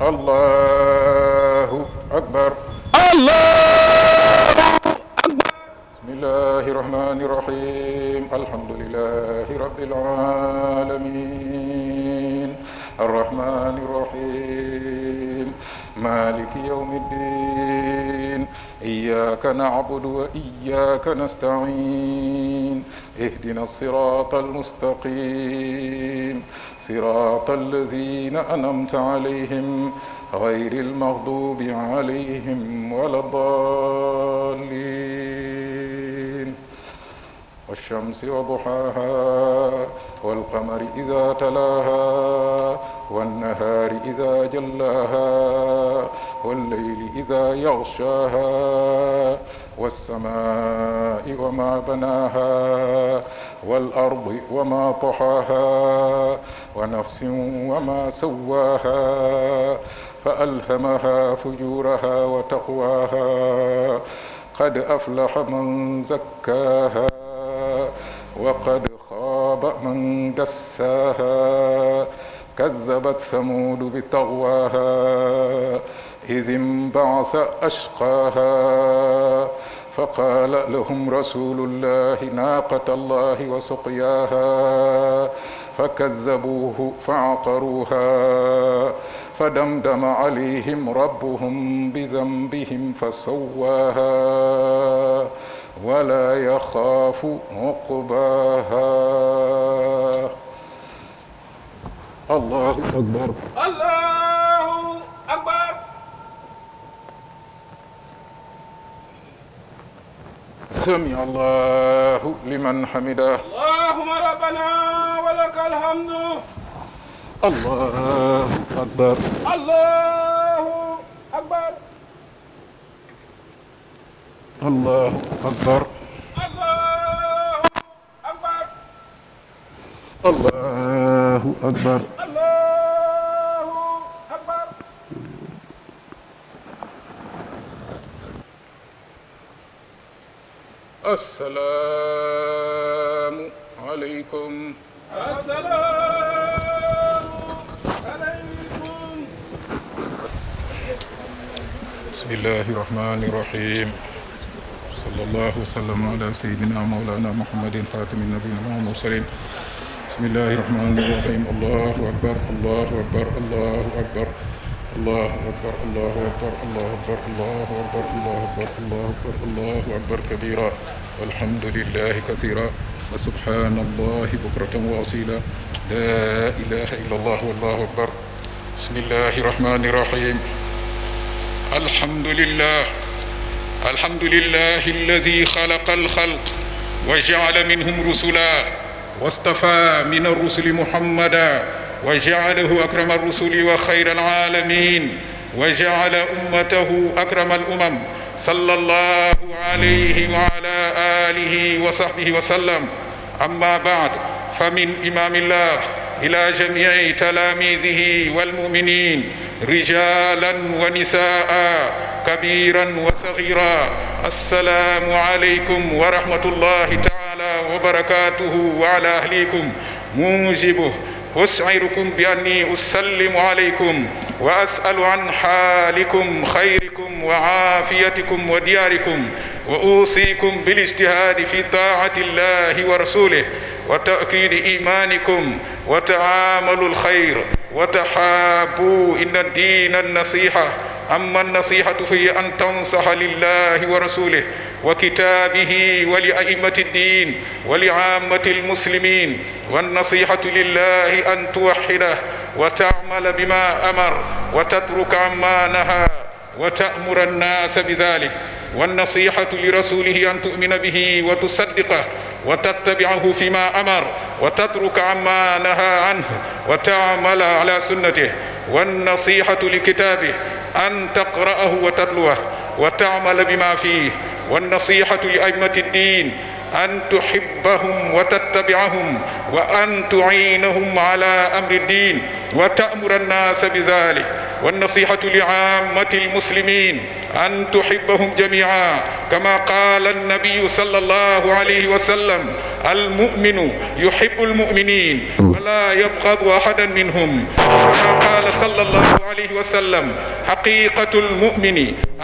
الله أكبر الله أكبر بسم الله الرحمن الرحيم الحمد لله رب العالمين الرحمن الرحيم مالك يوم الدين إياك نعبد وإياك نستعين اهدنا الصراط المستقيم صراط الذين أنمت عليهم غير المغضوب عليهم ولا الضالين والشمس وضحاها والقمر إذا تلاها والنهار إذا جلاها والليل إذا يغشاها والسماء وما بناها والأرض وما طحاها ونفس وما سواها فألهمها فجورها وتقواها قد أفلح من زكاها وقد خاب من دساها كذبت ثمود بتغواها إذ انبعث أشقاها فقال لهم رسول الله ناقة الله وسقياها فكذبوه فعقروها فدمدم عليهم ربهم بذنبهم فسواها ولا يخاف عقباها الله أكبر سمي الله لمن حمده اللهم ربنا ولك الحمد الله أكبر الله أكبر الله أكبر الله أكبر الله أكبر assalaamu aleykum assalaamu aleykum bismillahi rahmani rahim sallallahu wasallam ala sayidina mawlana muhammadin xaatimi nabiyina mursalin bismillahi rahmani rahim allahu akbar allahu akbar allahu akbar الله أكبر الله أكبر الله أكبر الله أكبر الله أكبر الله أكبر الله أكبر كبيرا walhamdulillahi kathira wa subhanallahi bukratan wa asila la ilaha illa allah wallahu akbar bismillahi rahmani rahim alhamdulillah alhamdulillahi alladi xalaqa alxalq wa jaala minhum rusula wastafa min arrusuli muhammada wa jaalahu akrama arrusuli wa xayra alalamin wa jaala ummatahu akrama alumam sallallahu alayhi wa ala آله وصحبه وسلم أما بعد فمن إمام الله إلى جميع تلاميذه والمؤمنين رجالا ونساء كبيرا وصغيرا السلام عليكم ورحمة الله تعالى وبركاته وعلى أهليكم موجبه أسعركم بأني أسلم عليكم وأسأل عن حالكم خيركم وعافيتكم ودياركم wa uusiikum bil ijtihaadi fi taa'ati llahi wa rasulihi wa ta'kiidi iimaanikum wa ta'aamalu alxayr wa taxaabu inna diina nasiixa amma nasihatu hiya an tansaha lillahi wa rasulih wa kitaabihi wa li a'immati ddin wa li ammati lmuslimin wannasihatu lillahi an tuwaxidah wa taamala bima amar wa tatruka amma naha wa ta'mura annasa bidalik والنصيحة لرسوله أن تؤمن به وتصدقه وتتبعه فيما أمر وتترك عما نهى عنه وتعمل على سنته والنصيحة لكتابه أن تقرأه وتتلوه وتعمل بما فيه والنصيحة لأئمة الدين أن تحبهم وتتبعهم وأن تعينهم على أمر الدين وتأمر الناس بذلك والنصيحة لعامة المسلمين أن تحبهم جميعا كما قال النبي صلى الله عليه وسلم المؤمن يحب المؤمنين ولا يبغض أحدا منهم كما قال صلى الله عليه وسلم حقيقة المؤمن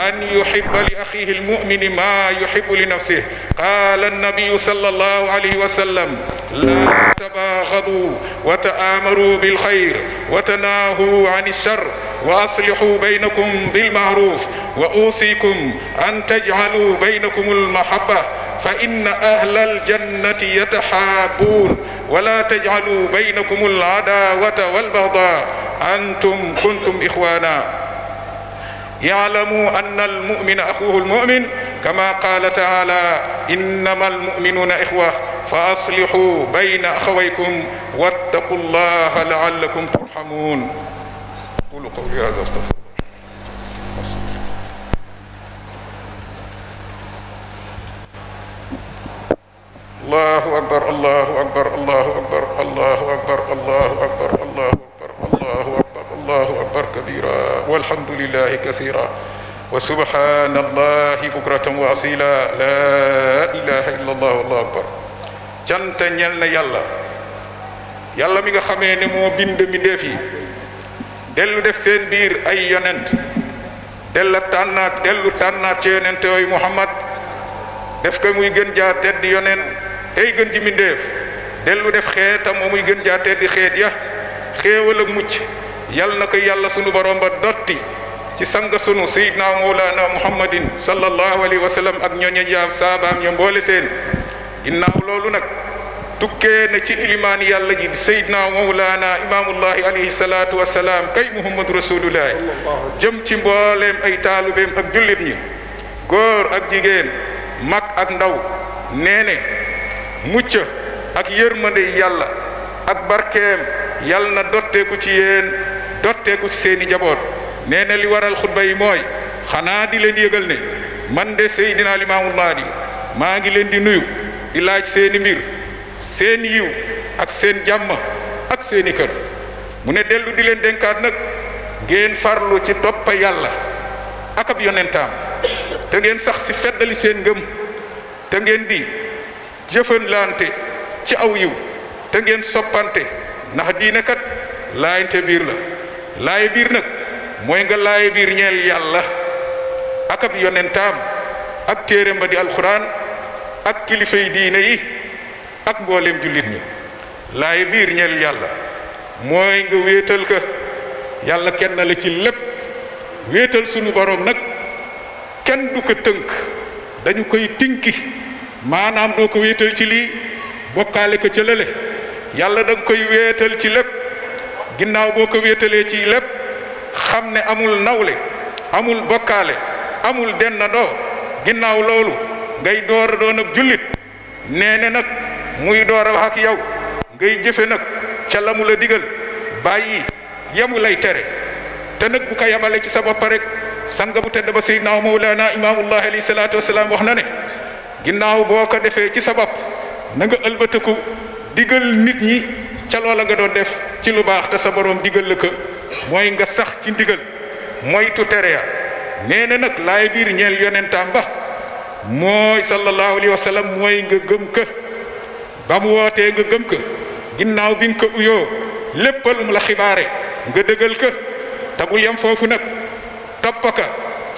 أن يحب لأخيه المؤمن ما يحب لنفسه قال النبي صلى الله عليه وسلم لا تباغضوا وتآمروا بالخير وتناهوا عن الشر وأصلحوا بينكم بالمعروف وأوصيكم أن تجعلوا بينكم المحبة فإن أهل الجنة يتحابون ولا تجعلوا بينكم العداوة والبغضاء أنتم كنتم إخوانا يعلموا أن المؤمن أخوه المؤمن كما قال تعالى إنما المؤمنون إخوة fa aslixu bayna axawaykum wattaqu llaha laallakum turxamuun qulu qawli hada astafirullah allahu akbar allahu akbar allahu akbar allahu akbar allahu akbar allahu akbar allahu akbar allahu akbar kabira walhamdulilahi kasira wa subhanallahi bukratan wa asila la ilaha illa allah wallahu akbar cant ñel na yàlla yàlla mi nga xamee ne moo bind mbindeef yi dellu def seen biir ay yonent della tànnaat dellu tànnaat ci yonent yooyu muhammad def ko muy gën jaa tedd yonent tey gën ji mbindeef dellu def xeetam moo muy gën jaa tedd xeet ya xéewal ak mucc yàlla na ko yàlla sunu borom ba dotti ci sanga sunu sayidna mawlana muhammadin sallallahu alayhi wa sallam ak ñooñu jaab saabaam ya mboole seen ginnaaw loolu nag tukkee na ci ilimaan yàlla ji seydna mawlaana imaamullahi alayhi salaatu wasalaam kay muhammadu rasulullahi jëm ci mbooleem ay taalubeem ak jullit ñi góor ak jigéen mag ak ndaw nee mucc ak yërmande yàlla ak barkeem yàlla na dotteeku ci yéen dotteeku ci seeni jaboot nee li waral xutba yi mooy xanaa di leen yëgal ne man de seydina limaamullah di maa ngi leen di nuyu di laaj seeni mbir seen yiw ak seen jàmm ak seeni kër mu ne dellu di leen denkaat nag ngeen farlu ci toppa yàlla ak ab yonentaam te ngeen sax ci feddali seen ngëm te ngeen di jëfanlante ci aw yiw te ngeen soppante ndax diine kat laayante biir la laaye biir nag mooy nga laaye biir ñeel yàlla ak ab yonentaam ak téeréem ba di alxuraan ak kilifay diine yi ak mbooleem jullit ñi lay biir ñeel yàlla mooy nga wéetal ka yàlla kenn la ci lépp wéetal sunu borom nag kenn du ko tënk dañu koy tinki maanaam doo ko wéetal ci lii bokkaale ko ca yàlla da koy wéetal ci lépp ginnaaw boo ko wéetalee ci lépp xam ne amul nawle amul bokkaale amul dennandoo ginnaaw loolu ngay door a doon ak jullit nee ne nag muy door a wax ak yow ngay jëfe nag ca lamu la digal bàyyi yamu lay tere te nag bu ko yamale ci sa bopp rek sanga bu tedd ba sayyidnaa mawlaana imaamullah alayhi salaatu wasalaam wax na ne ginnaaw boo ko defee ci sa bopp na nga ëlbatiku digal nit ñi ca loola nga doon def ci lu baax te sa borom digal la ko mooy nga sax ci ndigal moytu tere ya nee nag laay biir ñeel yonentaam ba mooy sallallahu mooy nga gëm ka ba mu wootee nga gëm ka ginnaaw bi nga ko uyoo lépp lu la xibaare nga dëggal ka te bul yem foofu nag topp ka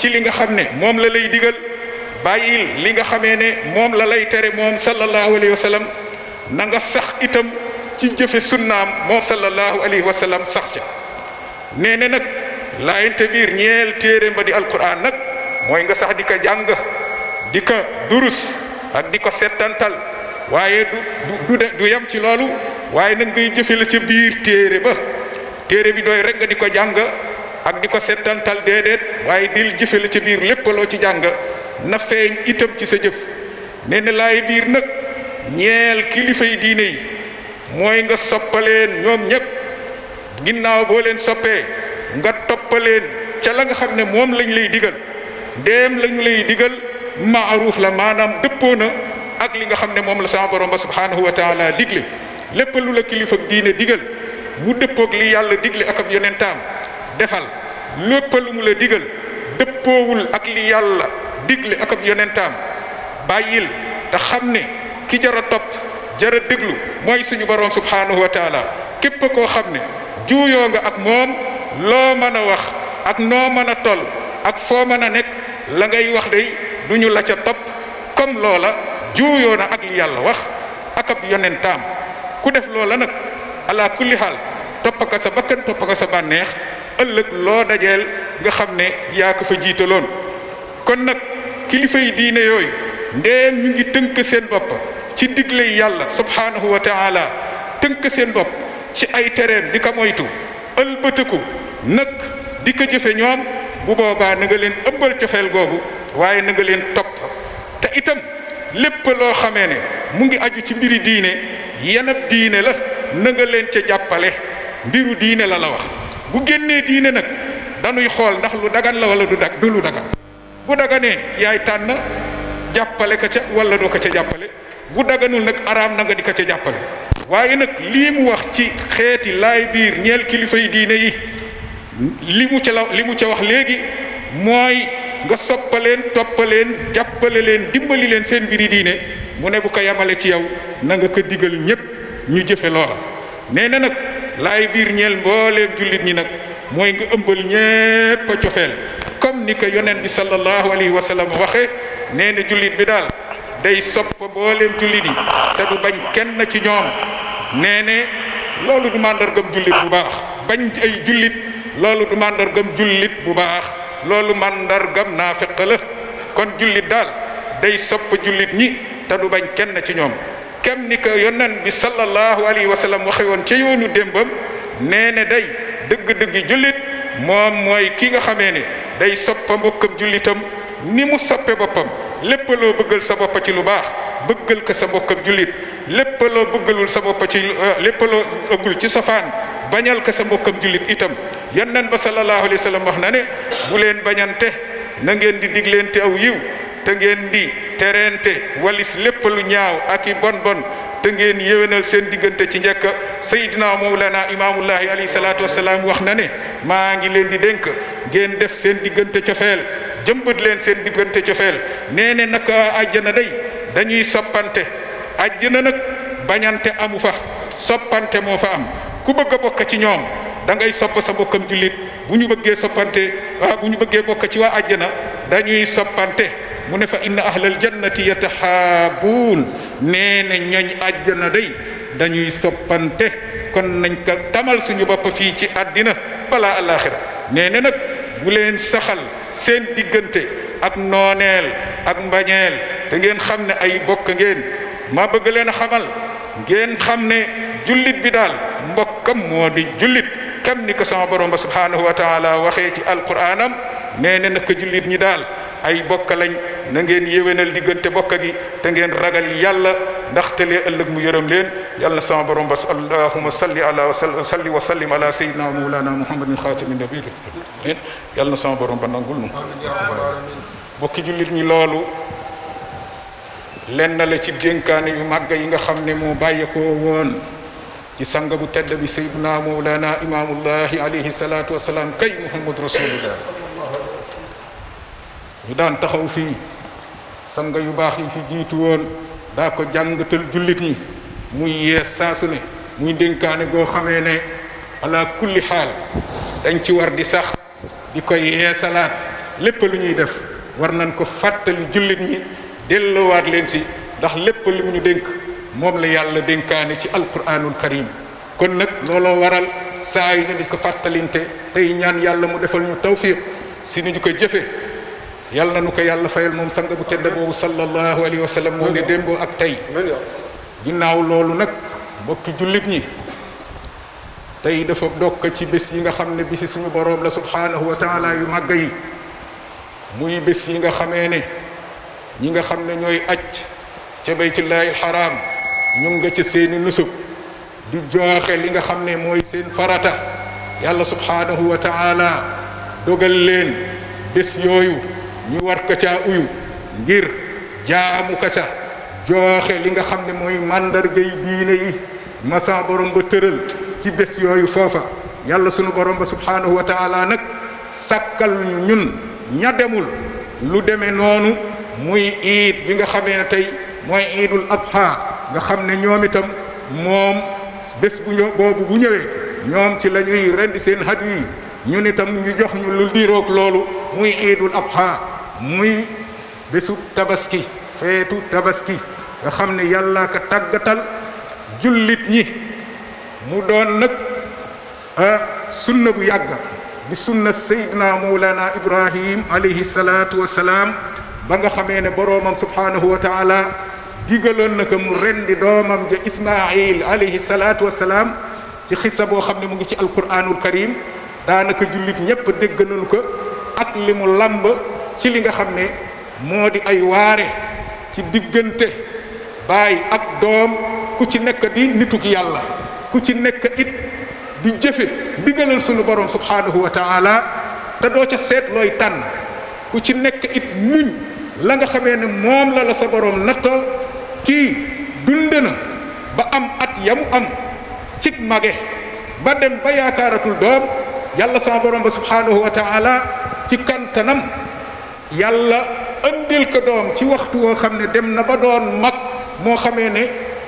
ci li nga xam ne moom la lay digal bàyyil li nga xamee ne moom la lay tere moom sallallahu alayhi na nga sax itam ci jëfe sunnaam moom sallallahu alayhi sax ca nee na nag laayante biir ñeel téere ba di alquran nag mooy nga sax di ko jàng di ko durus ak di ko setantal waaye du du du yem ci loolu waaye nag ngay jëfe la ca biir téere ba téere bi dooy rek nga di ko jàng ak di ko setantal déedéet waaye dil jëfe la ca biir lépp loo ci jàng na feeñ itam ci sa jëf nee na biir nag ñeel kilifa yi diine yi mooy nga soppaleen ñoom ñëpp ginnaaw boo leen soppee nga toppaleen ca la nga xam ne moom lañ lay digal ndéem lañu lay digal maaruuf la maanaam dëppoo na ak li nga xam ne moom la sama borom ba subhanahu wa taala digle lépp lu la kilifa diine digal mu dëppoog li yàlla digle ak ab yonentaam defal lépp lu la digal dëppoowul ak li yàlla digle ak ab yonentaam bàyyil te xam ne ki jar a topp jar diglu mooy suñu borom subhanahu wa taala képp koo xam ne juuyoo nga ak moom loo mën a wax ak noo mën a toll ak foo mën a nekk la ngay wax day du ñu la ca topp comme loola juuyoo na ak yàlla wax ak ab yonentaam ku def loola nag ala kulli xaal toppa ko sa bakkan toppa sa bànneex ëllëg loo dajeel nga xam ne yaa ko fa jiitaloon kon nag kilifa yi diine yooyu ndéem ñu ngi tënk seen bopp ci digle yàlla subhaanahu wa taala tënk seen bopp ci ay tereem di ko moytu ëlbëtëku nag di jëfe ñoom bu boobaa na nga leen ëppal cofeel googu waaye nanga leen topp te itam lépp loo xamee ne mu ngi aju ci mbiri diine yanab diine la na leen ca jàppale mbiru diine la la wax bu génnee diine nag danuy xool ndax lu dagan la wala du dag du lu dagan bu daganee yaay tànn jàppale ko ca wala doo ko ca jàppale bu daganul nag araam nanga di ko ca jàppale waaye nag lii mu wax ci xeeti laay biir ñeel kilifa yi diine yi li mu ca la li mu ca wax léegi mooy nga soppaleen toppaleen jàppale leen dimbali leen seen mbiri diine mu ne bu ko yamale ci yow na nga ko digal ñépp ñu jëfe loola nee na nag laay biir ñeel mbooleem jullit ñi nag mooy nga ëmbal ñépp a cofeel comme ni ko yonent bi sallallahu alayhi wa sallam waxe nee ne jullit bi daal day soppa mbooleem jullit yi te du bañ kenn ci ñoom nee ne loolu du màndargam jullit bu baax bañ ay jullit loolu du màndargam jullit bu baax loolu màndargam naafeq la kon jullit daal day sopp jullit ñi te du bañ kenn ci ñoom kem ni ko yonent bi sallallahu alayhi wa sallam waxe woon ca yoonu démbam nee ne day dëgg-dëgg jullit moom mooy kii nga xamee ni day soppa mbokkam jullitam ni mu soppe boppam lépp loo bëggal sa boppa ci lu baax bëggal ko sa mbokkam jullit lépp loo bëggalul sa boppa ci euh, lépp ëggul ci safaan bañal ka sa mbokkam jullit itam yonent ba sallallahu alayhi wa wax na ne bu leen bañante na ngeen di digleente aw yiw te ngeen di tereente walis lépp lu ñaaw ak i bon bon te ngeen yéwénal seen diggante ci njëkk Seydina Mawlana imaamullahi alayhi salaatu wasalaam wax na ne maa ngi leen di dénk ngeen def seen diggante cofeel jëmbat leen seen diggante cofeel nee ne nag àjjana day dañuy soppante àjjana nag bañante amu fa soppante moo fa am ku bëgg a ci ñoom dangay ngay sopp sa bokkam jullit bu ñu bëggee soppante ah bu ñu bëggee bokk ci waa àjjana dañuy soppante mu ne fa inna ahlal jannati yataxaabuun nee na ñooñ àjjana day dañuy soppante kon nañ ko tamal suñu bopp fii ci àddina balaa alaaxira nee na nag bu leen saxal seen diggante ak nooneel ak mbañeel te ngeen xam ne ay bokk ngeen ma bëgg leen a xamal ngeen xam ne jullit bi daal mbokkam moo di jullit kam ni ko sama borom ba subhanahu wa taala waxee ci alquraanam nee na naka jullit ñi daal ay bokk lañ na ngeen yéwénal diggante bokk gi te ngeen ragal yàlla ndaxte lee ëllëg mu yërëm leen yàlla na sama borom ba allahuma salli ala wa salli wa sallim ala sayyidina wa mawlana muhammadin xaatimi na sama nangul nu bokki jullit ñi loolu lenn la ci dénkaane yu màgg yi nga xam ne moo bàyyeekoo woon ci sang bu tedd bi sayyidina mawlana imaamullahi alayhi salaatu wasalaam kay muhammad rasulullah ñu daan taxaw fii sang yu baax yi fi jiitu woon daa ko jàngatal jullit ñi muy yees saasu ne muy dénkaane goo xamee ne ala kulli xaal dañ ci war di sax di koy yeesalaat lépp lu ñuy def war nañ ko fàttali jullit ñi delloowaat leen si ndax lépp li ñu dénk moom la yàlla dénkaane ci alquranul karim kon nag looloo waral saa yu ñu di ko fàttalinte tey ñaan yàlla mu defal ñu tawfiq si ni ñu ko jëfe yàlla na nu ko yàlla fayal moom sang bu tedd boobu sallallahu alayhi wa sallam moo ne démboo ak tey ginnaaw loolu nag mbokki jullit ñi tey dafa dokk ci bés yi nga xam ne bisi suñu boroom la subhaanahu wa taala yu màgg yi muy bés yi nga xamee ne ñi nga xam ne ñooy aj ca baytullahi xaraam ñu nga ca seeni nusub di jooxe li nga xam ne mooy seen farata yàlla subhaanahu wa taala dogal leen bés yooyu ñu war ko caa uyu ngir jaamu ko ca jooxe li nga xam ne mooy màndarga màndargay diine yi masa borom ba tëral ci bés yooyu foofa yàlla sunu borom ba subhaanahu wa taala nag sàkkal ñun ña demul lu demee noonu muy iid bi nga xamee na tey mooy iidul adha nga xam ne ñoom itam moom bés bu ñëw boobu bu ñëwee ñoom ci la ñuy rendi seen had yi ñun itam ñu jox ñu lu diiroog loolu muy iidul abha muy bésu tabaski feetu tabaski nga xam ne yàllaa ka tàggatal jullit ñi mu doon nag sunna bu yàgg di sunna seydina mawlana ibrahim alayhi salaatu wa salaam ba nga xamee ne boroomam subhanahu wa taala digaloon na ko mu rendi doomam ja Ismaayil alayhi salaatu wa salaam ci sa boo xam ne mu ngi ci alquranul karim daanaka jullit ñépp dégg nañu ko ak li mu làmb ci li nga xam ne moo di ay waare ci diggante baay ak doom ku ci nekk di nituk yàlla ku ci nekk it di jëfe ndigalal sunu borom subhanahu wa taala te doo ca seet tànn ku ci nekk it muñ la nga xamee ne moom la la sa borom nattoo kii dund na ba am at yamu am cig mage ba dem ba yaakaaratul doom yàlla sama borom ba subhanahu wa taala ci kantanam yàlla andil ko doom ci waxtu woo xam ne dem na ba doon mag moo xamee ne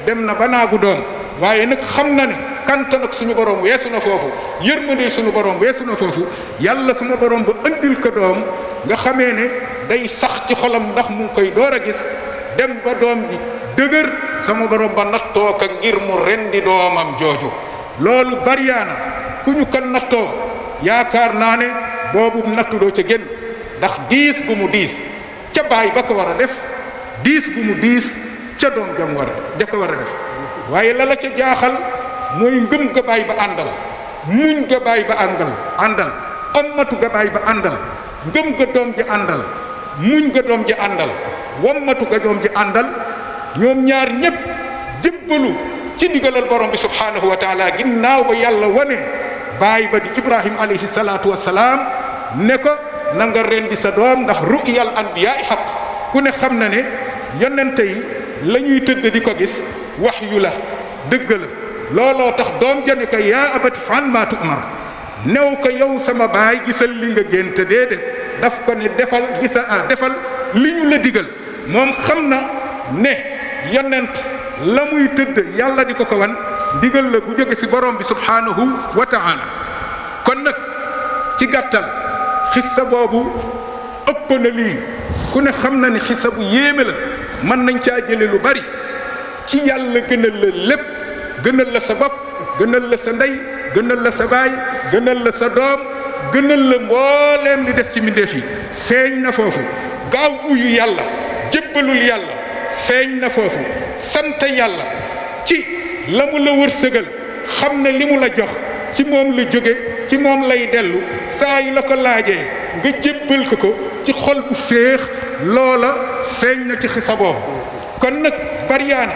dem na ba naagu doom waaye nag xam na ne kantan suñu borom weesu na foofu yërmande suñu borom weesu na foofu yàlla suma borom ba andil ko doom nga xamee ne day sax ci xolam ndax mu koy door a gis dem ba doom ji dëgër sama borom ba nattoo ka ngir mu rendi doomam jooju loolu bariyaana ku ñu kan nattoo yaakaar naa ne boobu nattu doo ca génn ndax diis gu mu diis ca baay ba ko war a def diis gu mu diis ca doom jam war ja ko war a def waaye la la ca jaaxal mooy ngëm ga baay ba àndal muñ ga baay ba àndal àndal ommatu ga baay ba àndal ngëm ga doom ji àndal muñ ga doom ji àndal wommatu ga doom ji àndal ñoom ñaar ñëpp jëbbalu ci ndigalal borom bi subhaanahu wa taala ginnaaw ba yàlla wane baay ba di ibrahim alayhi salaatu wa salaam ne ko na nga rendi sa doom ndax ru'yal anbiyaa xaq ku ne xam na ne yonente yi lañuy ñuy di ko gis wax la dëgg la looloo tax doom jani ko yaa abati fan maatu umar new ko yow sama baay gisal li nga génte déedéet daf ko ne gisa ah defal li ñu la digal moom xam na ne yonent la muy tëdd yàlla di ko ko wan ndigal la bu jóge ci borom bi subhaanahu wa taala kon nag ci gàttal xissa boobu ëpp na lii ku ne xam na ni xissa bu yéeme la mën nañ caa jële lu bari ci yàlla gënal la lépp gënal la sa bopp gënal la sa ndey gënal la sa baay gënal la sa doom gënal la mbooleem di des ci mbindeef yi feeñ na foofu gaaw uyu yàlla jébbalul yàlla feeñ na foofu sant yàlla ci la mu la wërsëgal xam ne li mu la jox ci moom la jóge ci moom lay dellu saa yi la ko laajee nga jébbal ko ko ci xol bu féex loola feeñ na ci xisaboo kon nag bariyaana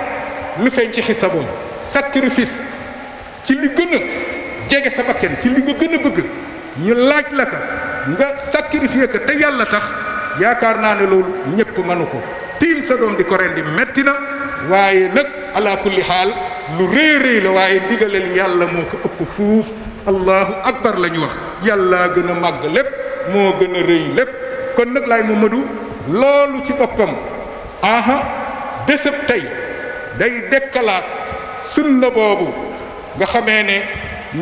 lu feeñ ci xisaboo sacrifice ci li gën jege sa bakken ci li nga gën a bëgg ñu laaj la ka nga sacrifier ko te yàlla tax yaakaar naa ne loolu ñépp mënu ko tiim sa doom di ko rendi metti na waaye nag ala kulli xaal lu rëy rëy la waaye ndigalal yàlla moo ko ëpp fuuf allahu akbar la ñu wax yàllaa gën a màgg lépp moo gën a rëy lépp kon nag laay Mamadu loolu ci boppam aha bésëb tey day dekkalaat sunna boobu nga xamee ne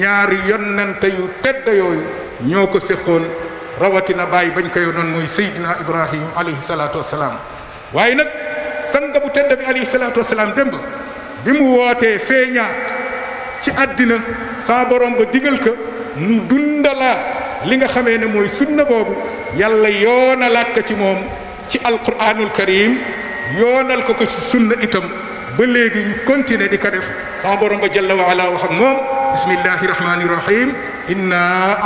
ñaari yonente yu tedd yooyu ñoo ko séqoon rawatina bàyyi bañ ko yoonoon mooy Seydina Ibrahim alayhi salaatu wassalaam waaye nag sanga bu tedd bi alayhi salaatu wasalaam démb bi mu wootee feeñaat ci àddina saa borom ba digal ko mu dundalaat li nga xamee ne mooy sunna boobu yàlla yoonalaat ko ci moom ci alquranul karim yoonal ko ko ci sunna itam ba léegi ñu continuer di ko def sama borom ba jalla wa ala wax ak moom bismillahi rahmani rahim inna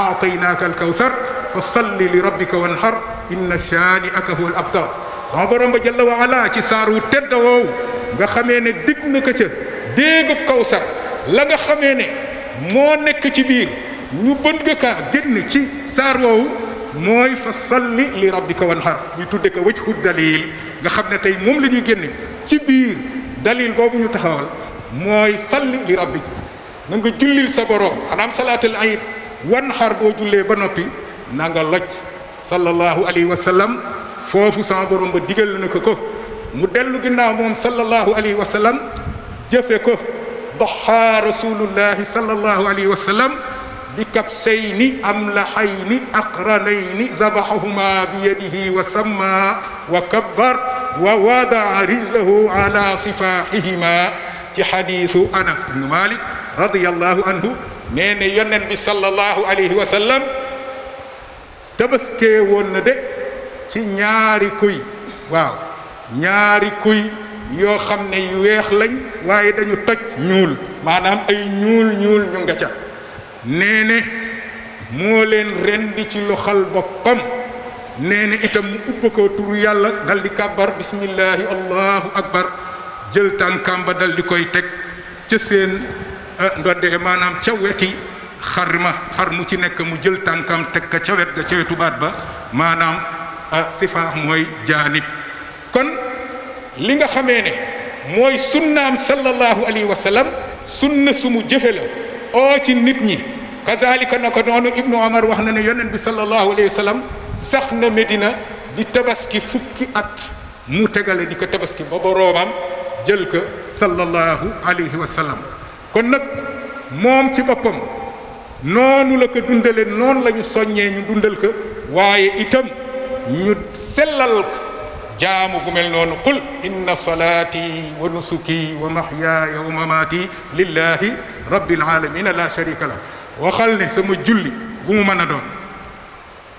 aataynaaka alkawthar fa salli li rabbika wanhar inna shaani aka al abtar sama borom ba jalla wa ala ci saar wu tedd woowu nga xamee ne digg na ko ca déegub kawsar la nga xamee ne moo nekk ci biir ñu bën nga kaa génn ci saar woowu mooy fa salli li rabbika wanhar ñu tudde ko wajhu dalil nga xam ne tey moom la ñuy génne ci biir dalil boobu ñu taxawal mooy salli li rabbik na nga jullil sa borom xanaam salaatul ayit wanhar boo jullee ba noppi nanga nga loj sallallahu alayhi wa foofu sama borom ba digal na ko ko mu dellu ginnaaw moom sallallahu alayhi wa sallam jëfe ko doxaa rasulullahi sallallahu alayhi wa sallam bi kabsayni amlaxayni aqranayni zabaxahuma bi yadihi wa samma wa kabbar wa wadaa rijlahu ala sifaaxihima ci xadiisu anas ibnu malik radiallahu anhu nee ne yonent bi sallallahu alayhi wa sallam tabaskeewoon na de ci ñaari kuy waaw ñaari kuy yoo xam ne yu weex lañ waaye dañu toj ñuul maanaam ay ñuul ñuul ñu nga ca nee ne moo leen rendi ci loxal boppam nee ne itam mu ubba ko turu yàlla dal di kàbbar bismillaahi allahu akbar jël tànkam ba dal di koy teg ca seen ndoddee maanaam ca weti xar ma xar mu ci nekk mu jël tànkam teg ka ca wet ga ca wetu baat ba maanaam a sifaa mooy jaanib kon li nga xamee ne mooy sunnaam sallallahu alayhi wa sallam sunna sumu jëfe la oo ci nit ñi kazalika na ko noonu ibnu omar wax na ne yonent bi sallallahu alayhi wa sallam sax na Medina di tabaski fukki at mu tegale di ko tabaski ba boroomam jël ko sallallahu alayhi wa kon nag moom ci boppam noonu la ko dundale noonu la ñu soññee ñu dundal ko waaye itam ñu sellal jaamu gu mel noonu qul inna salaati wa nusuki wa mahyaaya wa mamaati lillahi rabbil alamina la sharika la waxal ne sama julli gu mu mën a doon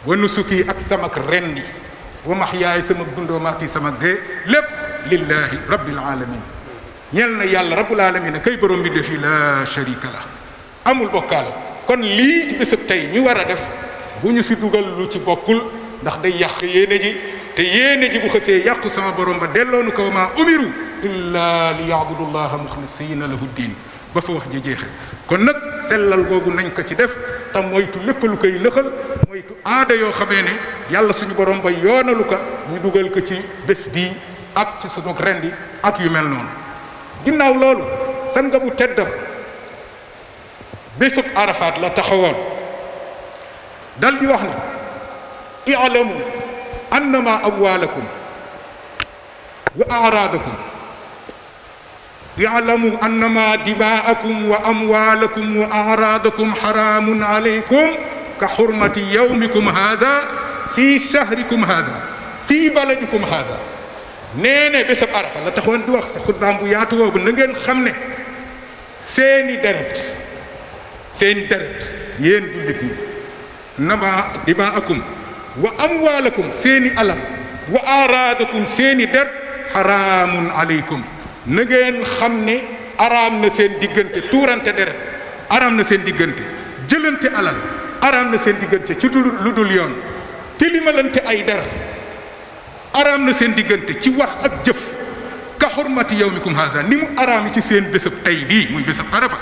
wa nusuki ak samak rendi wa mahyaaya sama dundoo maati samak dee lépp lillahi rabbil alamin ñeel na yàlla rabbul alamin kay borom bi defi la sharika la amul bokkaale kon lii ci bésëb tey ñu a def bu ñu si dugal lu bokkul ndax dey yàq yéene ji te yéene ji bu xësee yàqu sama borom ba delloonu ko maa umiru illa li yaabudullaha muxlisina lahu diin ba fa wax ji jeexe kon nag sellal googu nañ ko ci def te moytu lépp lu koy lëxal moytu aada yoo xamee ne yàlla suñu borom ba yoonalu ko ñu dugal ko ci bés bii ak ci sunu rendi at yu mel noonu ginnaaw loolu sanga bu tedd ba bésub arafaat la taxawoon dal wax na i'lamu annama amwaalakum wa a'raadakum i'lamu annama dimaa'akum wa amwaalakum wa a'raadakum xaraamun alaykum ka xurmati yawmikum haada fii shahrikum haada fii baladikum haada nee ne bésab arafa la taxoon di wax sa xutbaam bu yaatu woobu na ngeen xam ne seeni deret seeni deret yéen jullit ñi nama dimaakum wa kum seeni alal wa aaraadakum seeni der xaraamun aleykum na xam ne araam na seen diggante tuurante deret araam na seen diggante jëlante alal araam na seen diggante ci lu dul yoon tilimalante ay der araam na seen diggante ci wax ak jëf ka xurmati yawmikum haza ni mu araam ci seen bésëb tey bii muy bésëb arafa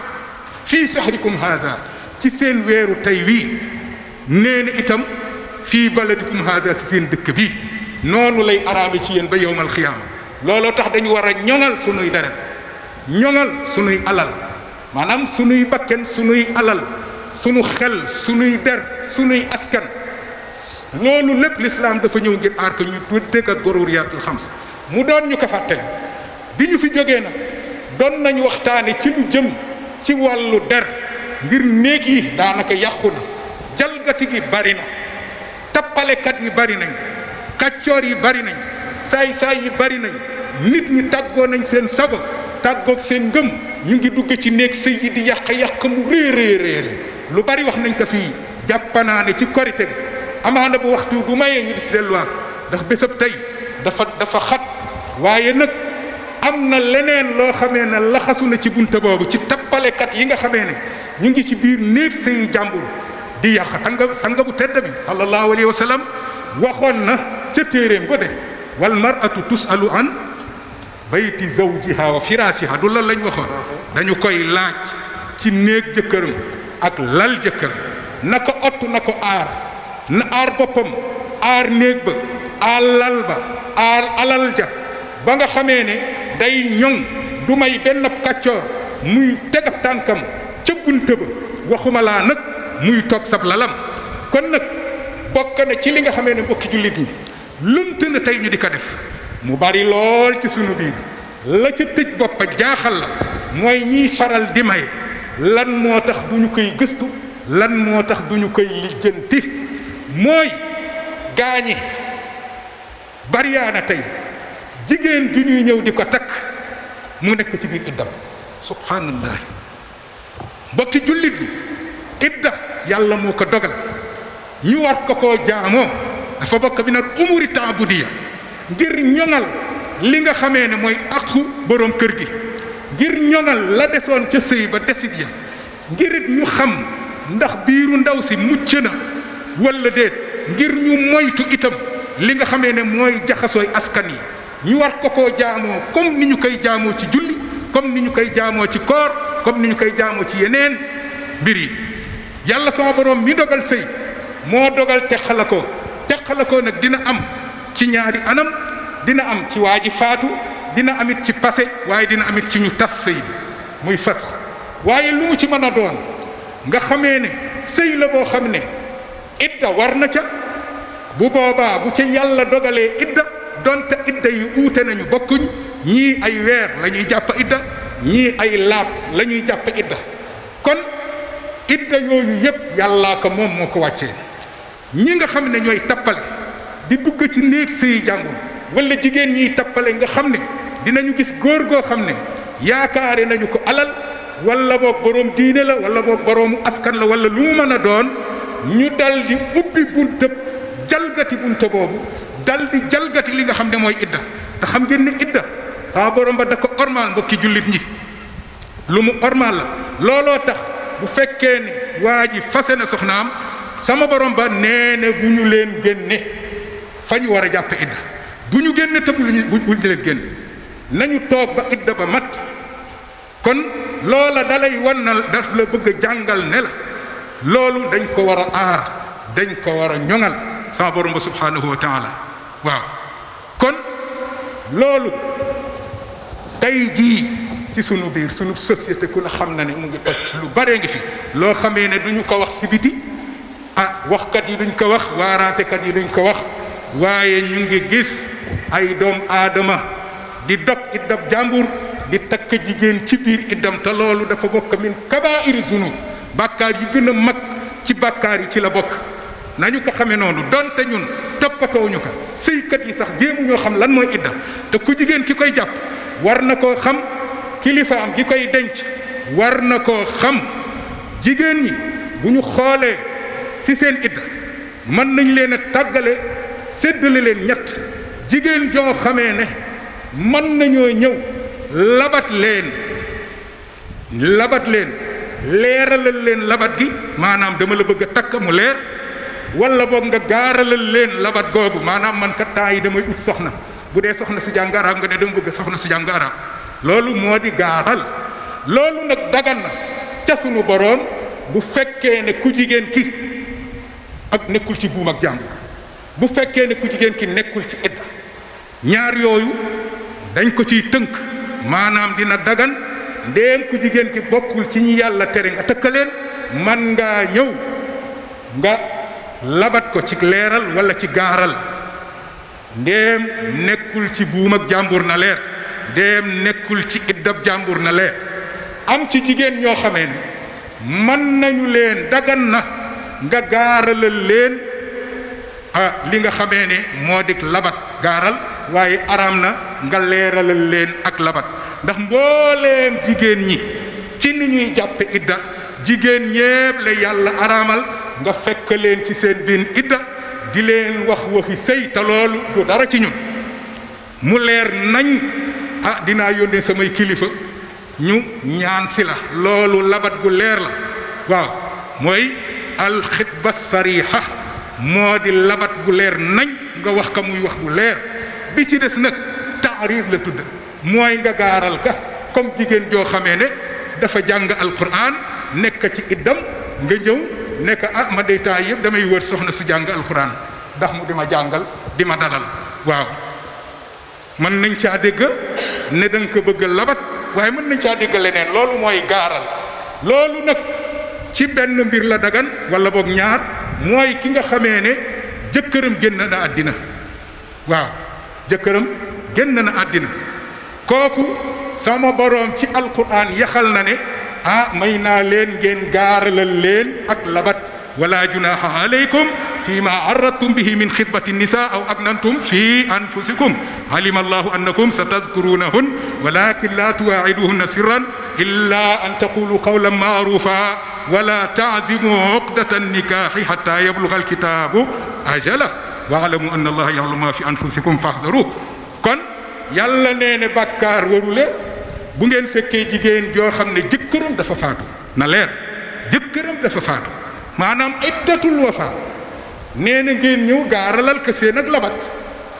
fii sahrikum haza ci seen weeru tey wii nee itam fii baladikum haza si seen dëkk bi noonu lay araame ci yéen ba yowmal xiyaama looloo tax dañu war a ñoŋal sunuy deret ñoŋal sunuy alal maanaam sunuy bakken sunuy alal sunu xel sunuy der sunuy askan loolu lépp lislaam dafa ñëw ngir aar ko ñu tuddee ak daruriyaatul xams mu doon ñu ko fàttali bi ñu fi jógee na doon nañu waxtaane ci lu jëm ci wàllu der ngir néeg yi daanaka yàqu na jalgati gi bari na tappalekat yi bari nañ kaccoor yi bari nañ saay-saay yi bari nañ nit ñi tàggoo nañ seen sago tàggoog seen ngëm ñu ngi dugg ci néeg sëy yi di yàq-yàq mu réerée lu bari wax nañ ko fii jàppanaa ne ci korite bi amaana bu waxtu bu mayee ñu di si delluwaat ndax bésab tey dafa dafa xat waaye nag am na leneen loo xamee ne laxasu na ci bunte boobu ci tappalekat yi nga xamee ne ñu ngi ci biir néeg sëy jàmbur di yàq tanga sanga bu tedd bi sallallahu alayhi wa waxoon na ca téeréem ba de wal mar'atu tusalu an bayti zawjiha wa firaasiha du lan lañ waxoon dañu koy laaj ci néeg jëkkëram ak lal jëkkëram na ko ott na ko aar na aar boppam aar néeg ba aar lal ba aar alal ja ba nga xamee ne day ñoŋ du may benn kàccoor muy teg ab tànkam ca bunt ba waxuma laa nag muy toog sab lalam kon nag bokk na ci li nga xamee ne mbokki jullit ñi lunt na tey ñu di ko def mu bari lool ci sunu biir la ca tëj boppa jaaxal la mooy ñiy faral di may lan moo tax du ñu koy gëstu lan moo tax du ñu koy lijjanti mooy gaañi bariyaana tey jigéen du ñuy ñëw di ko takk mu nekk ci biir iddam subhaanallah mbokki jullit bi idda yàlla moo ko dogal ñu war ko koo jaamoo dafa bokk bi nag umuri taabudiya ngir ñoŋal li nga xamee ne mooy àqu borom kër gi ngir ñoŋal la desoon ca sëy ba desit ya ngirit ñu xam ndax biiru ndaw si mucc na walla déet ngir ñu moytu itam li nga xamee ne mooy jaxasooy askan yi ñu war ko koo jaamoo comme ni ñu koy jaamoo ci julli comme ni ñu koy jaamoo ci koor comme ni ñu koy jaamoo ci yeneen mbir yi yàlla sama borom mi dogal sëy moo dogal ko teqalakoo ko nag dina am ci ñaari anam dina am ci waa ji faatu dina amit ci passé waaye dina amit ci ñu tas sëy bi muy fas waaye lu mu ci mën a doon nga xamee ne sëy la boo xam ne idda war na ca bu boobaa bu ca yàlla dogalee idda donte idda yi uute nañu bokkuñ ñii ay weer lañuy ñuy jàpp idda ñii ay laab lañuy ñuy idda kon idda yooyu yépp yàllaa ko moom moo ko wàccee ñi nga xam ne ñooy tappale di dugg ci néeg sëy jàngul wala jigéen ñiy tappale nga xam ne dinañu gis góor goo xam ne yaakaare nañu ko alal wala boog boroom diine la wala boog boroomu askan la wala lu mu mën a doon ñu dal di ubbi bunta jalgati bunta boobu dal jalgati li nga xam ne mooy idda te xam ngeen ne idda saa borom ba da ko ormaal mbokki jullit ñi lu mu ormaal la looloo tax bu fekkee ni waa ji fase na soxnaam sama borom ba nee na bu ñu leen génne fa ñu war a jàpp idda bu ñu génne te bu ñu leen génne nañu toog ba idda ba mat kon loola dalay wannal daf la bëgg a jàngal ne la loolu dañ ko war a ar dañ ko war a ñoŋal sama borom ba subhanahu wa waaw kon loolu tey jii ci sunu biir sunu société ku ne xam na ne mu ngi toj lu bare ngi fi loo xamee ne duñu ko wax si biti ah waxkat yi duñ ko wax waaraatekat yi duñ ko wax waaye ñu ngi gis ay doom aadama di dog iddam jàmbur di takk jigéen ci biir iddam te loolu dafa bokk min kabaa'iri zunub bàkkaar yi gën a mag ci bàkkaar yi ci la bokk nañu ko xamee noonu donte ñun toppatoowuñu ko sëykat yi sax jéemu ñoo xam lan mooy idda te ku jigéen ki koy jàpp war na koo xam kilifaam gi koy denc war na koo xam jigéen ñi bu ñu xoolee ci seen idda mën nañ leen a tàggale séddale leen ñett jigéen joo xamee ne mën nañoo ñëw labat leen labat leen leeralal leen labat gi maanaam dama la bëgg a takk mu leer wala boog nga gaaralal leen labat googu maanaam man kat temps yi damay ut soxna bu dee soxna si jàng arab nga dee dama bëgg soxna si jàng arab loolu moo di gaaral loolu nag dagan na ca sunu boroom bu fekkee ne ku jigéen ki ak nekkul ci buum ak jàmbur bu fekkee ne ku jigéen ki nekkul ci idda ñaar yooyu dañ ko ciy tënk maanaam dina dagan ndéem ku jigéen ki bokkul ci ñi yàlla tere nga tëkkaleen man ngaa ñëw nga labat ko ci leeral walla ci gaaral ndéem nekkul ci buum ak jàmbur na leer déem nekkul ci iddab jàmbur na lee am ci jigéen ñoo xamee ne mën nañu leen dagan na nga gaaralal leen ah li nga xamee ne moo di labat gaaral waaye araam na nga leeralal leen ak labat ndax mbooleem jigéen ñi ci ni ñuy jàppe idda jigéen ñépp la yàlla araamal nga fekk leen ci seen biin idda di leen wax waxi sëy te loolu du dara ci ñun mu leer nañ ah dinaa yónnee samay kilifa ñu ñaan si la loolu labat gu leer la waaw mooy alxitba sariixa moo di labat gu leer nañ nga wax ka muy wax gu leer bi ci des nag taarif la tudd mooy nga gaaral ka comme jigéen joo xamee ne dafa jàng alquran nekk ci iddam nga jëw nekk ah ma day temps yëpp damay wër soxna su jàng alquran ndax mu di ma jàngal di ma dalal waaw mën nañ caa dégg ne da ko bëgg labat waaye mën nañ caa dégg leneen loolu mooy gaaral loolu nag ci benn mbir la dagan walla boog ñaar mooy ki nga xamee ne jëkkëram génn na àddina waaw jëkkëram génn na àddina kooku sama boroom ci alquran yaxal na ne ah may naa leen ngeen gaaralal leen ak labat ولا جناح عليكم فيما عرضتم به من خطبة النساء أو أكننتم في أنفسكم علم الله أنكم ستذكرونهن ولكن لا تواعدوهن سرا إلا أن تقولوا قولا معروفا ولا تعزموا عقدة النكاح حتى يبلغ الكتاب أجله واعلموا أن الله يعلم ما في أنفسكم فاحذروه kon yàlla nee na bàkkaar warule bu ngeen fekkee jigéen joo xam ne jëkkëram dafa faatu na leer jëkkëram dafa faatu maanaam iddatul wafa nee na ngeen ñëw gaaralal ka nag ak labat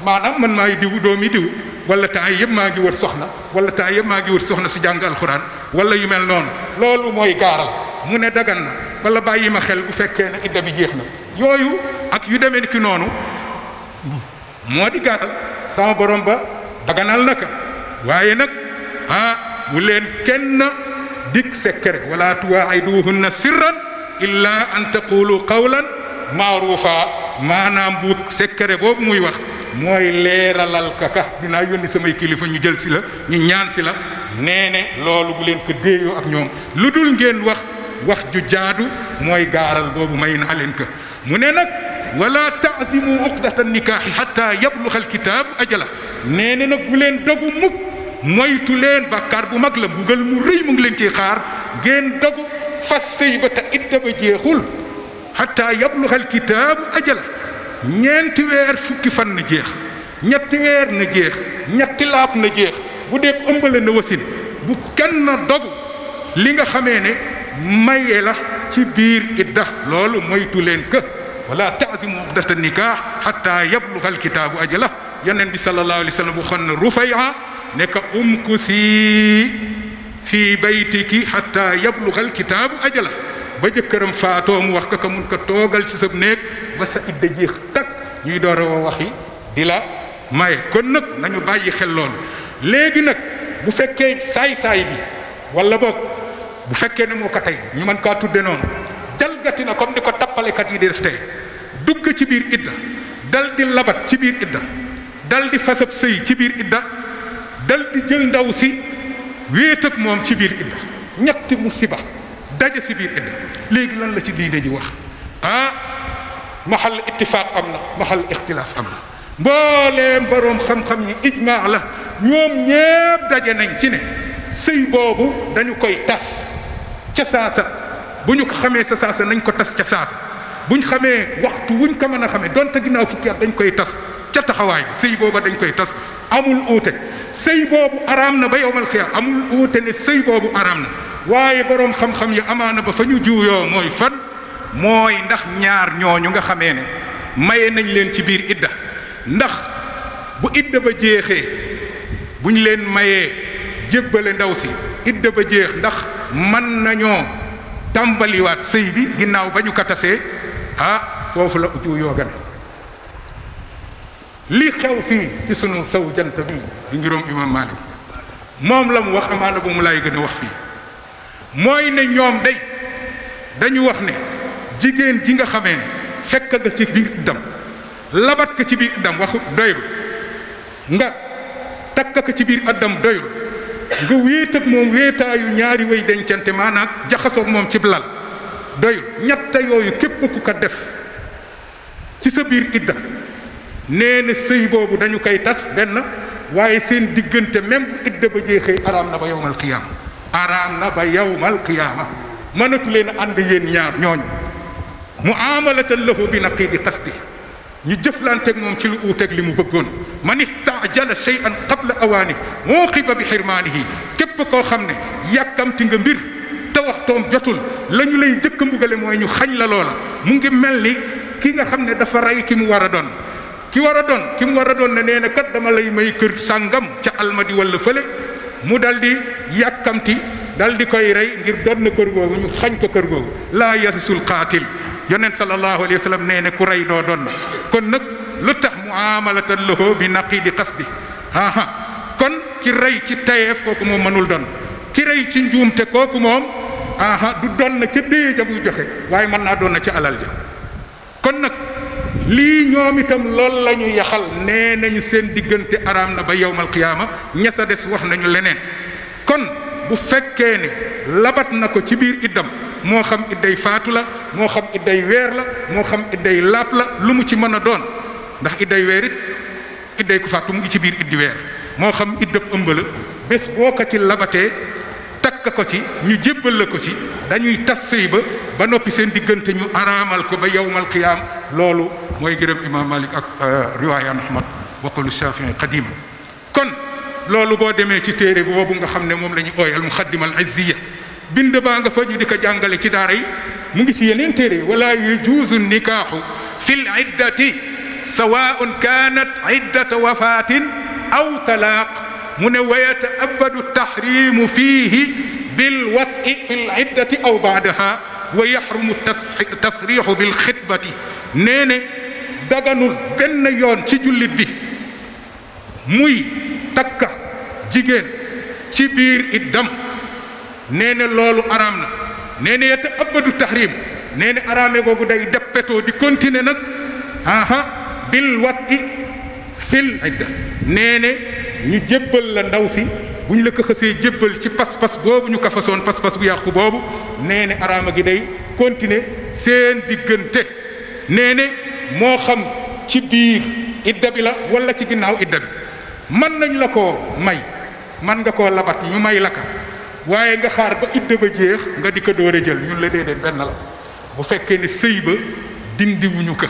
maanaam man maay diw doomi diw wala temps yëpp maa ngi wër soxna wala temps yëpp maa ngi wër soxna si jàng alxuraan wala yu mel noonu loolu mooy gaaral mu ne dagan na wala bàyyi ma xel bu fekkee ne idda bi jeex na yooyu ak yu demee ki noonu moo di gaaral sama borom ba daganal na waaye nag ah bu leen kenn dig secret wala tuwaa'iduhunna sirran illa an taqulu qawlan maaruufa maanaam bu sekkere boobu muy wax mooy leeralal kaka dinaa yónni samay kilifa ñu jël si la ñu ñaan si la nee ne loolu bu leen ko ak ñoom lu dul ngeen wax wax ju jaadu mooy gaaral boobu may naa leen ko mu ne nag wala taazimu uqdata nikaaxi xata yabluxa alkitaab ajala nee ne nag bu leen dogu mukk moytu leen bàkkaar bu mag la mbugal mu rëy mu ngi leen ciy xaar ngeen dogu fas sëy ba te idda ba jeexul xataa yabluxal kitaabu ajala ñeenti weer fukki fan na jeex ñetti weer na jeex ñetti laab na jeex bu dee ëmbale na wasin bu kenn dogu li nga xamee ne maye la ci biir idda loolu moytu leen ka wala taasimu uqdata nikaax xataa yabluxal kitaabu ajala yeneen bi sallallahu alayhi wa bu xam ne ne ka um ku si fii baytiki xatta yablugal kitaabu ajala ba jëkkëram faatoo mu wax ko ka mun ko toogal ci sab néeg ba sa idda jeex takk ñuy door a waxi di la maye kon nag nañu bàyyi xel loolu léegi nag bu fekkee saay-saay bi wala boog bu fekkee ne moo ko tey ñu mën kaa tudde noonu jalgati na comme ni ko tappalekat yi di def tey dugg ci biir idda daldi di labat ci biir idda dal di fasab sëy ci biir idda daldi di jël ndaw si wéet moom ci biir idda ñetti musiba daje si biir idda léegi lan la ci diine ji wax ah maxal ittifaaq am na maxal ixtilaaf am na mbooleem boroom xam-xam yi ijmaa la ñoom ñépp daje nañ ci ne sëy boobu dañu koy tas ca saasa bu ñu ko xamee sa saasa nañ ko tas ca saasa ñu xamee waxtu wuñ ko mën a xamee donte ginnaaw fukki at dañ koy tas ca taxawaay bi sëy booba dañ koy tas amul uute sëy boobu araam na ba yowmal xiyaam amul uute ne sëy boobu araam na waaye boroom xam-xam yi amaana ba fa ñu juuyoo mooy fan mooy ndax ñaar ñooñu nga xamee ne maye nañ leen ci biir idda ndax bu idda ba jeexee bu ñu leen mayee jébbale ndaw si idda ba jeex ndax mën nañoo tàmbaliwaat sëy bi ginnaaw ba ñu ko tasee ah, foofu la uju yoo gën li xew fii ci sunu sew jant bi di ngiróom imam Malik moom la mu wax amaana ba mu laay gën a wax fii mooy ne ñoom day dañu wax ne jigéen ji nga xame ne fekk nga ci biir dam labat ko ci biir dam waxu doyul nga takk ko ci biir addam doyul nga wéet ak moom wéetaayu ñaari way dencante maanaam jaxasoog moom ci blal doyul ñett yooyu képp ku ko def ci sa biir idda nee na sëy boobu dañu koy tas benn waaye seen diggante même bu idda ba jeexee araam na ba yowmal qiyaama araam na ba yowmal qiyaama mënatu leen a ànd yéen ñaar ñooñu mu amalatan lahu bi naqiidi qasdi ñu jëflanteeg moom ci lu uuteeg li mu bëggoon man istaajala shay'an qabla awaani muuqiba bi xirmaanihi képp koo xam ne yàkkamti nga mbir te waxtoom jotul la ñu lay jëkk mbugale mooy ñu xañ la loola mu ngi mel ni ki nga xam ne dafa rey ki mu war a doon ki war a doon ki mu war a doon na nee na kat dama lay may kër sàngam ca almadi walla fële mu dal di yàkkamti dal di koy rey ngir doon na kër googu ñu xañ ko kër googu laa yarisul qaatil yonent sallallahu alayhi wa sallam nee ku rey doo doon na kon nag lu tax mu muamalatan lahu bi naqidi qasdi aha kon ki rey ci tayeef kooku moom mënul doon ki rey ci njuumte kooku moom aha du doon na ca déye joxe waaye mën naa doon na ca alal ja kon nag lii ñoom itam lool la ñu yaxal nee nañu seen diggante araam na ba yowmal qiyaama ña sa des wax nañu leneen kon bu fekkee ne labat na ko ci biir iddam moo xam idday faatu la moo xam idday weer la moo xam idday laap la lu mu ci mën a doon ndax idday weer it idday ku faatu mu ngi ci biir iddi weer moo xam iddab ëmb la bés boo ko ci labatee takk ko ci ñu jébbal la ko ci dañuy tas sëy ba ba noppi seen diggante ñu araamal ko ba yowmal qiyaam loolu mooy gërëm imaam Malik ak euh, riwaayaan Ahmad waqalu Shafii qadim kon loolu boo demee ci téere boobu nga xam ne moom la ñu ooy al muqaddima al azziya bind baa nga fa ñu di ko jàngale ci daara yi mu ngi si yeneen téere wala yajuuzu nikaaxu fi l iddati sawaun kanat iddata wafatin aw talaaq mu ne wa yataabadu tahrimu fiihi bilwati fi liddati aw baadaha wa yaxrumu tasriixu bilxitbati nee ne daganul benn yoon ci jullit bi muy takka jigéen ci biir iddam nee ne loolu araam na nee ne yataabadu tahrim nee ne araame googu day di continuer nag aha bilwati fil idda nee ne ñu jébbal la ndaw si bu ñu la ko xësee jébbal ci pas-pas boobu ñu kafasoon pas-pas bu yàqu boobu nee ne araama gi day continuer seen diggante nee ne moo xam ci biir idda bi la wala ci ginnaaw idda bi mën nañ la ko may mën nga ko labat ñu may la ka waaye nga xaar ba idda ba jeex nga di ko dóore jël ñun la dee benn la bu fekkee ne sëy ba dindiwuñu ko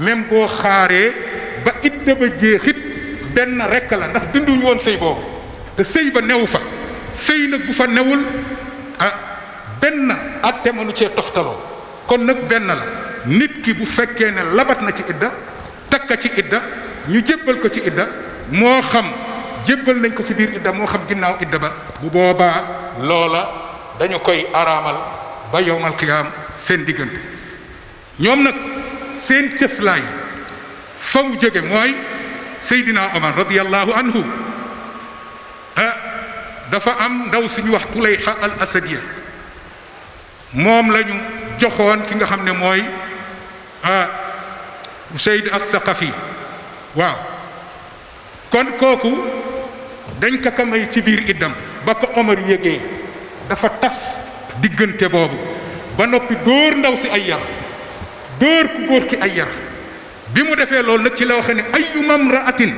même xaaree ba idda ba jeexit benn rekk la ndax dunduñu woon sëy boobu te sëy ba newu fa sëy nag bu fa newul ah benn atte mënu cee toftaloo kon nag benn nit ki bu fekkee ne labat na ci idda takka ci idda ñu jébbal ko ci idda moo xam jébbal nañ ko ci biir idda moo xam ginnaaw idda ba bu boobaa loola dañu koy araamal ba yowmal qiyaam seen diggante ñoom nag seen cëslaay fa jóge mooy Seydina Omar radiyallahu anhu dafa am ndaw suñu wax Tulayha al Asadiya moom lañu ñu joxoon ki nga xam ne mooy ah Seyd as-Saqafi waaw kon kooku dañ ko kamay ci biir iddam ba ko Omar yëgee dafa tas diggante boobu ba noppi dóor ndaw si ay yar dóor ku góor ki ay yar bi mu defee loolu nag ci la waxee ne ayuma mraatin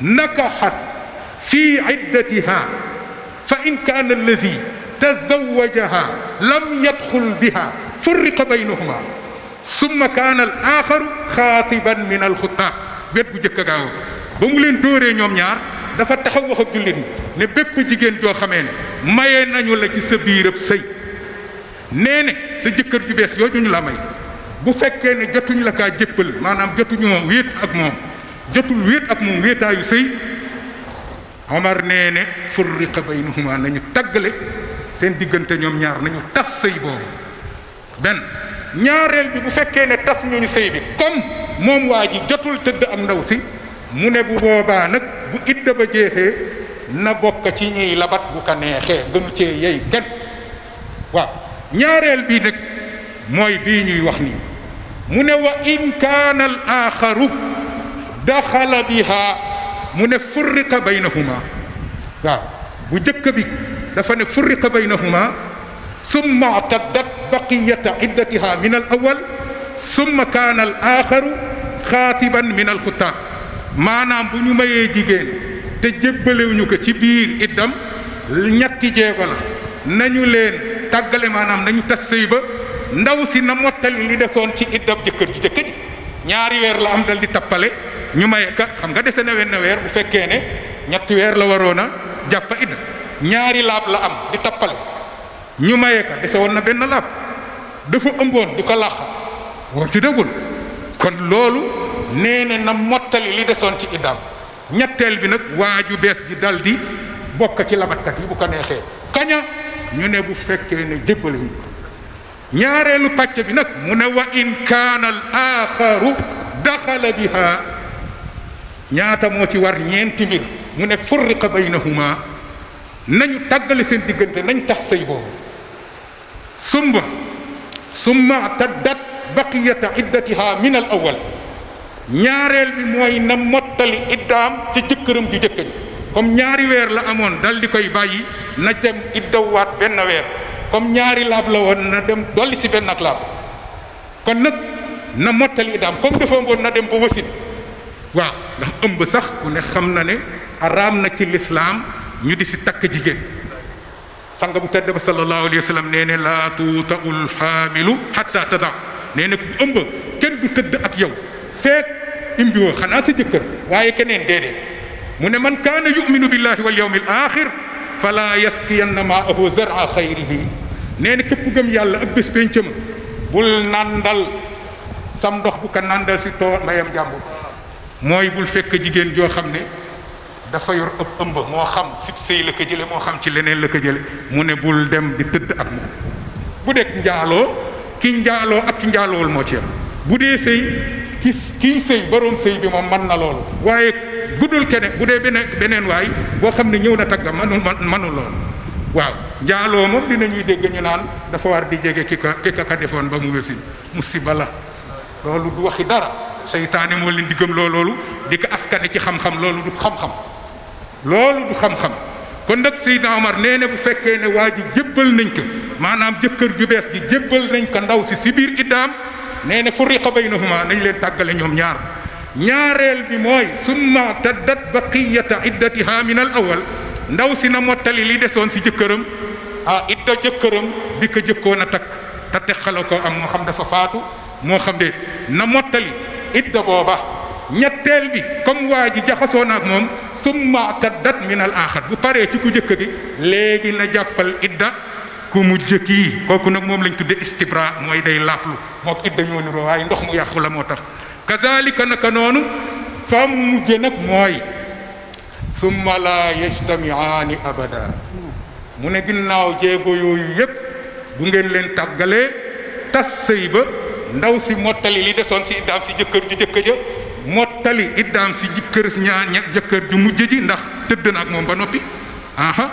nakaxat fi iddatiha fa in kaana allazi tazawajaha lam yadxul biha furriqa baynahuma summa kaana al axaru xaatiban min alxutaab wet bu jëkk gaaw ba mu leen dóoree ñoom ñaar dafa taxaw wax ak jullit ñi ne bépp jigéen joo xamee ne mayee nañu la ci sa biirab sëy nee ne sa jëkkër ju bees yooyu ñu la may bu fekkee ne jotuñu la kaa jëppal maanaam jotuñu wéet ak moom jotul wéet ak moom wéetaayu sëy Omar nee ne furriqa baynahuma nañu taggale seen diggante ñoom ñaar nañu tas sëy boobu benn ñaareel bi bu fekkee ne tas ñu sëy bi comme moom waa ji jotul tëdd ak ndaw si mu ne bu boobaa nag bu idda ba jeexee na bokk ci ñuy labat bu ko neexee gënu cee yey kenn waaw ñaareel bi nag mooy bii ñuy wax nii mu ne wa in kaana al axaru daxala biha mu ne furriqa baynahuma bu jëkk bi dafa ne furriqa baynahuma summa ctaddat baqiyata iddatiha min al awal summa kaana al axaru xaatiban min al xutaab maanaam bu ñu mayee jigéen te jébbalewuñu ko ci biir iddam ñetti jéego la nañu leen tàggale maanaam nañu tas sëy ba ndaw si na mottali li desoon ci iddab jëkkër ji jëkkër ji ñaari weer la am dal di tappale ñu maye ka xam nga dese na wenn weer bu fekkee ne ñetti weer la waroon a jàppa idda ñaari laab la am di tappale ñu maye ka dese woon na benn laab dafa ëmboon di ko làq woo ci dëggul kon loolu nee na na mottali li desoon ci iddaam ñetteel bi nag waaju bees ji dal di bokk ci labatkat yi bu ko neexee kaña ñu ne bu fekkee ne jébbaluñu ñaareelu pàcc bi nag mu ne wa in kaana al axaru daxala biha ñaata moo ci war ñeenti mbir mu ne furriqa baynahuma nañu taggale seen diggante nañ tas sëy boobu summa summa taddat baqiyata iddatiha min al ñaareel bi mooy na mottali iddaam ci jëkkëram ju jëkk ji ñaari weer la amoon dal di koy bàyyi na dem iddawaat benn weer comme ñaari laab la woon na dem dolli si benn ak laab kon nag na mottali idaam comme dafa ëmboon na dem ba wasin waaw ndax ëmb sax ku ne xam na ne araam na ci lislaam ñu di si takk jigéen sang bu tedd ba sallallahu alayhi wa sallam nee ne laa tuutaul xaamilu xatta tada nee ku ëmb kenn du tëdd ak yow feek imbiwoo xanaa sa jëkkër waaye keneen déedéet mu ne man kaana yuminu billahi wal yawmil axir fala yasqiyanna maahu zara xayrihim nee na képp gëm yàlla ak bés pénc ma bul nàndal sam ndox bu ko nàndal si too mbayam jàmbur mooy bul fekk jigéen joo xam ne dafa yor ëpp ëmb moo xam sib sëy la ko jële moo xam ci leneen la ko jële mu ne bul dem di tëdd ak moom bu dee njaaloo ki njaaloo ak ki njaaloowul moo ci am bu dee sëy ki kii sëy boroom sëy bi moom mën na loolu waaye bu dul keneen bu dee beneen beneen waay boo xam ne ñëw na tagg manu manu lool waaw njaaloo moom ñuy dégg ñu naan dafa war di jege ki ka ki ka defoon ba mu wesin musiba la loolu du waxi dara seytaane moo leen di gëm loo loolu di ko askane ci xam-xam loolu du xam-xam kon nag Seydina Omar nee na bu fekkee ne waa ji jébbal nañ ko maanaam jëkkër ju bees ji jébbal nañ ko ndaw si si biir iddaam nee na furiqa baynahuma nañ leen tàggale ñoom ñaar ñaareel bi mooy summa taddat baqiyata iddatiha min al awal ndaw si na mottali li desoon si jëkkëram a idda jëkkëram bi ko jëkkoon a takk te texale ko am moo xam dafa faatu moo xam de na mottali idda booba ñetteel bi comme waa ji jaxasoo na ak moom summa taddat min al axar bu paree ci ku jëkk gi léegi na jàppal idda ku mujj kii kooku nag moom lañ tudde istibra mooy day laaplu mook idda ñoo niroo waaye ndox mu yàqu la moo tax kazalika naka noonu fa mu mujje nag mooy summa laa yajtamiaani abada mu ne ginnaaw jéego yooyu yépp bu ngeen leen tàggalee tas sëy ba ndaw si mottali li desoon si iddaam si jëkkër ji jëkkër ja mottali iddaam si jëkkër ju mujj ji ndax tëdd na ak moom ba noppi aha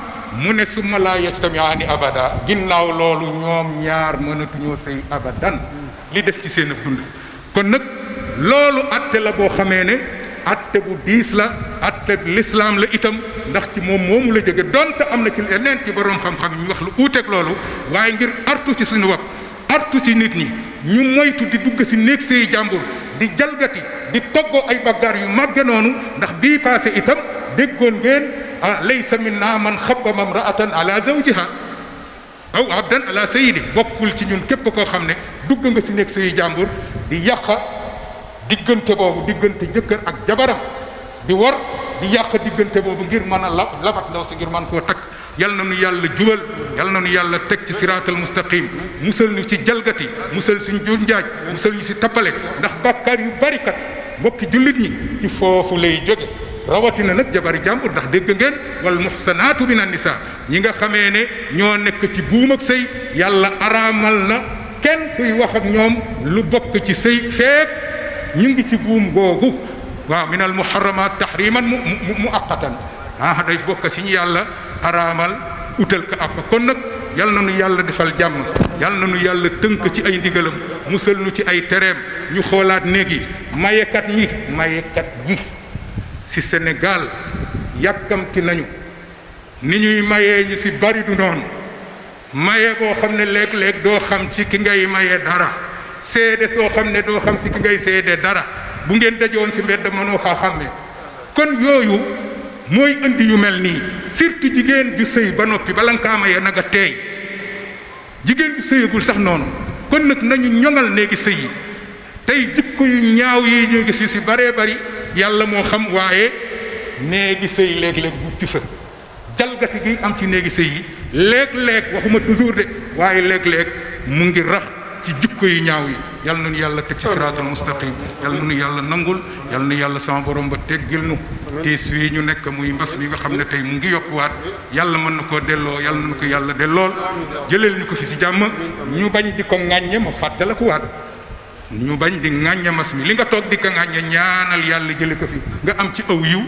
mu ne summa laa yajtamiaani abada ginnaaw loolu ñoom ñaar mënatuñoo sëy abadan li des ci seen dund kon nag loolu atte la boo xamee ne atte bu diis la atte lislaam la itam ndax ci moom moomu la jege donte am na ci leneen ci boroom xam-xam ñu wax lu uuteeg loolu waaye ngir artu ci suñu bopp artu ci nit ñi ñu moytu di dugg si néeg seey jàmbur di jalgati di toggoo ay baggaar yu màgge noonu ndax bii passé itam déggoon ngeen ah laysa minna man xabbama imra'atan ala zawjiha aw abdan ala sayyidi bokkul ci ñun képp koo xam ne dugg nga si néeg sayu jàmbur di diggante boobu diggante jëkkër ak jabaram di war di yàq diggante boobu ngir mën a la labat ndaw si ngir mën koo takk yal na nu yàlla jubal yal na nu yàlla teg ci siraatal mustaqim musal nu ci jalgati musal si jur njaaj musal ñu si tappale ndax bàkkaar yu barikat kat mbokki jullit ñi ci foofu lay jóge rawatina nag jabari jàmbur ndax dégg ngeen wal muxsanaatu mina nisaa ñi nga xamee ne ñoo nekk ci buum ak sëy yàlla araamal na kenn kuy wax ñoom lu bokk ci sëy feek ñu ngi ci buum googu waaw min al muharramat tahriman mu mu mu aqatan ah day bokk si yàlla araamal utal ko àq kon nag yal na nu yàlla defal jàmm yal na nu yàlla tënk ci ay ndigalam musal nu ci ay tereem ñu xoolaat néeg yi mayekat yi mayekat yi si Sénégal yàkkamti nañu ni ñuy mayee ñu ci bari du noonu maye goo xam ne léeg-léeg doo xam ci ki ngay maye dara seede soo xam ne doo xam si ki ngay seede dara bu ngeen dajoon si mbedd mënoo kaa xam ne kon yooyu mooy indi yu mel nii surtout jigéen ju sëy ba noppi bala nga kaa maye na nga teey jigéen ju sëyagul sax noonu kon nag nañu ñoŋal néegi sëy yi tey jikko yu ñaaw yi ñuy gis yu si baree bari yàlla moo xam waaye néegi sëy léeg-léeg bu sa jalgati gi am ci néegi sëy yi léeg-léeg waxuma toujours de waaye léeg-léeg mu ngi rax ci jukko yu ñaaw yi yal na nu yàlla teg ci siraatul mustaqim yal na nu yàlla nangul yal na yàlla sama borom ba teggil nu tiis wi ñu nekk muy mbas mi nga xam ne tey mu ngi yokkuwaat yàlla mën na koo delloo yal na nu ko yàlla dellool jëleel ñu ko fi si jàmm ñu bañ di ko ŋàññe ma fàttalikuwaat ñu bañ di ŋàññe mbas mi li nga toog di ko ŋàññe ñaanal yàlla jële ko fi nga am ci aw yiw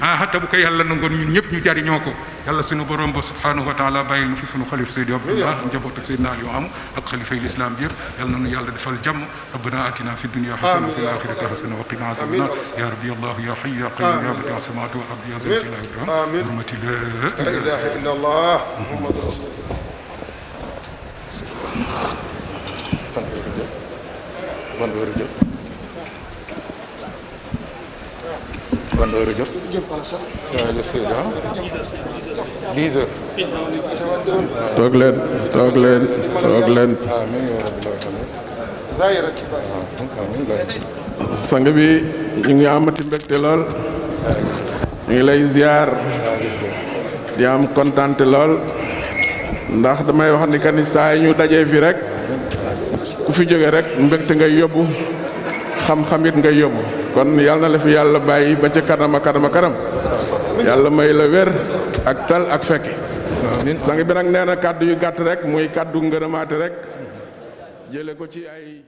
ah te bu ko yàlla nangoon ñun ñëpp ñu jariñoo ko yàlla suñu borom ba subhanahu wa taala bàyyil nu fi suñu xalif Seydi Abdallah njaboot ak Seydina Ali am ak xalifa yi lislaam bi yëpp yàlla na nu yàlla defal jàmm rabbana atina fi dunya hasana fi al-akhirati hasana wa qina azaban nar ya rabbi allah ya hayyu ya qayyum ya man ya samatu wa ardi ya zati la ilaha illa hurmati la ilaha illa allah muhammadu rasulullah ban toog leen toog leen toog leen. sang bi ñu ngi amati mbégte lool. ñu ngi lay ziar. di am kontante lool. ndax damay wax ni ni saa ñu dajee fi rek. ku fi jóge rek mbégte ngay yóbbu. xam-xam it ngay yóbbu kon yàlla na la fi yàlla bàyyi ba ca kanam a kanam a yàlla may la wér ak tal ak fekke sang bi nag nee na kàddu yu gàtt rek muy kàddu ngërëmaate rek jële ko ci ay